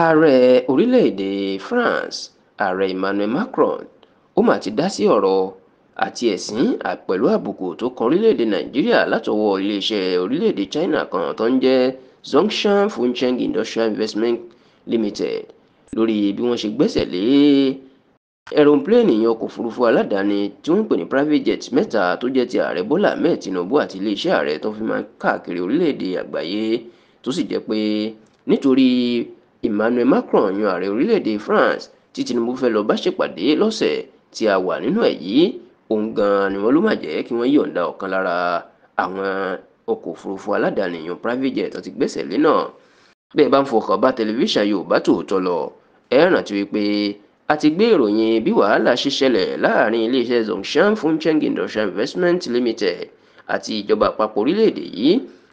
Ààrẹ orílẹ̀-èdè France Ààrẹ Emmanuel Macron ó mà ti dásí ọ̀rọ̀ àti ẹ̀sín pẹ̀lú àbùkù tó kan orílẹ̀-èdè Nàìjíríà látọwọ́ iléeṣẹ́ orílẹ̀-èdè China kan tó ń jẹ́ Zhongshan Fucheng Industrial Investment Limited lórí bí wọ́n ṣe gbẹ́sẹ̀ lé ẹ̀rọńpilẹ̀ẹ̀ni ìyẹn ọkọ̀ òfurufú aládàáni tí wọ́n ń pè ní private jet mẹ́ta tó jẹ́ ti ààrẹ Bọ́lá Ahmed Tinubu àti iléeṣẹ́ ààrẹ tó fi máa ń káàkiri orílẹ̀-èdè àgbáyé tó sì jẹ́ pé nítorí Emmanuel Macron yan ààrẹ orílẹ̀-èdè France tí Tinubu fẹ́ lọ bá ṣèpàdé lọ́sẹ̀ tí a wà nínú ẹ̀ yìí òun gan-an ni wọ́n ló máa jẹ́ kí wọ́n yọ̀ǹda ọ̀kan lára àwọn ọkọ̀ òfurufú aládàáni yan private jet ti gbẹ́sẹ̀ lé náà bẹ́ẹ̀ bá ń fọkàn bá tẹlifíṣàn Yorùbá Tòótọ́ lọ ẹ rántí wípé a ti gbé ìròyìn bí wàhálà ṣe ṣẹlẹ̀ láàrin iléeṣẹ́ Zhongshan Fucheng Industrial Investment Limited àti ìjọba àpapọ̀ orílẹ̀-èdè yìí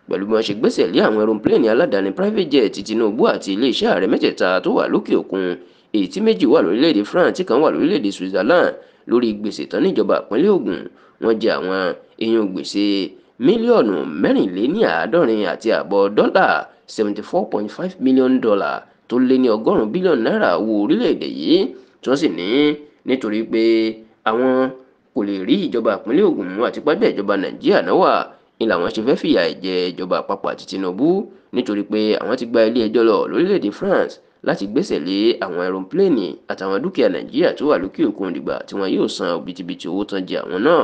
pẹ̀lú bí wọ́n ṣe gbẹ́sẹ̀ lé àwọn ẹrọ̀pléènì aládàáni private jet Tinubu àti iléeṣẹ́ ààrẹ mẹ́tẹ̀ẹ̀ta tó wà lókè òkun èyí tí méjì wà lórílẹ̀‐èdè France tí kan wà lórílẹ̀‐èdè Switzerland lórí gbèsè tán níjọba ìpínlẹ̀ Ògùn wọ́n jẹ àwọn èèyàn gbèsè mílíọ̀nù mẹ́rìnléníàádọ́rin àti àbọ̀ dọ́là seventy four point five million dollar tó lé ní ọgọ́rùn-ún bílíọ̀nù náírà owó orílẹ̀-èdè yìí tí wọ́n sì ní nítorí pé ni làwọn ṣe fẹ́ fìyà jẹ ìjọba àpapọ̀ àti Tinubu nítorí pé àwọn ti gba ilé ẹjọ́ lọ lórílẹ̀‐èdè France láti gbẹ́sẹ̀ lé àwọn ẹrọ̀pléènì àtàwọn dúkìá Nàìjíríà tó wà lókè òkun dìgbà tí wọn yóò san òbítíbitì owó tán jẹ àwọn náà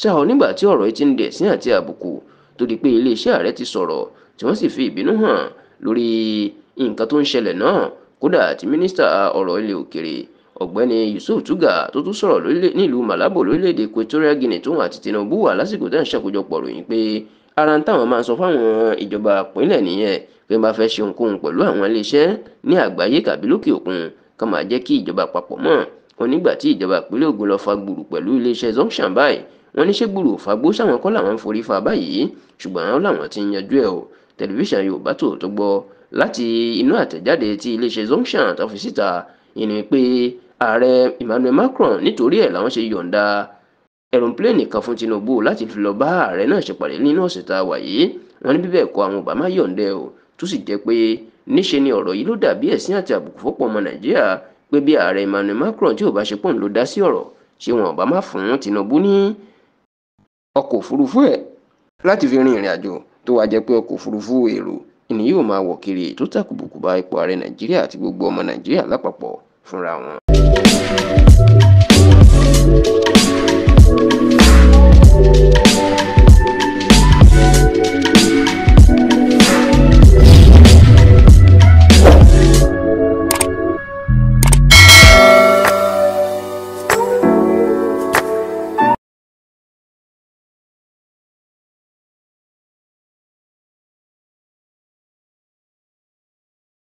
ṣá o nígbà tí ọ̀rọ̀ yìí ti ń dẹ̀ sí àti àbùkù tó di pé iléeṣẹ́ ààrẹ ti sọ̀rọ̀ tí wọ́n sì fi ìbínú hàn lórí nǹkan tó ń ṣẹlẹ̀ náà kódà tí mínísítà ọ̀rọ̀ ilẹ̀ òkèrè ọ̀gbẹ́ni Yusuf Tuga tó tún sọ̀rọ̀ nílùú Malabo lórílẹ̀‐èdè Equatorial Guinea tóun àti Tinubu wà lásìkò tá à ń ṣàkójọpọ̀ ròyìn pé ara ń táwọn máa ń sọ fáwọn ìjọba ìpínlẹ̀ nìyẹn pé máa fẹ́ ṣe ohunkóhun pẹ̀lú àwọn iléeṣẹ́ ní àgbáyé tàbí lókè òkun ká máa jẹ́ kí ìjọba àpapọ̀ mọ̀ wọn nígbà tí ìjọba ìpínlẹ̀ Ògùn lọ fa gbùrù pẹ̀lú iléeṣẹ́ Zhongshan báyìí wọn ní ṣé gbùrù fagbó sáwọn kọ́ làwọn forí fa báyìí ṣùgbọ́n làwọn ti ń yanjú ẹ̀ o tẹlifíṣàn Yorùbá Tòótọ́ gbọ́ láti inú àtẹ̀jáde tí iléeṣẹ́ Zhongshan tó fi síta ìní pé ààrẹ Emmanuel Macron nítorí ẹ̀ làwọn ṣe yọ̀ǹda ẹ̀rọ̀pléènì kan fún Tinubu láti fi lọ bá ààrẹ náà ṣèpàdé nínú ọ̀sẹ̀ tá a wà yìí wọ́n ní bíbẹ̀ kọ́ àwọn Obama yọ̀ǹda ẹ̀ tó sì jẹ́ pé níṣe ni ọ̀rọ̀ yìí ló dàbí ẹ̀sín àti àbùkù fọ́pọ̀ ọmọ Nàìjíríà pé bí ààrẹ Emmanuel Macron tí ò bá ṣe pọ́n ló dá sí ọ̀rọ̀ ṣé wọn ò bá má fún Tinubu ní ọkọ̀ òfurufú ẹ̀ láti fi rin ìrìn tó wàá jẹ́ pé ọkọ̀ òfurufú èrò ni yóò máa wọ̀ kiri tó tàkùbùkù bá ipò ààrẹ Nàìjíríà àti gbogbo ọmọ Nàìjíríà lápapọ̀ fúnra wọn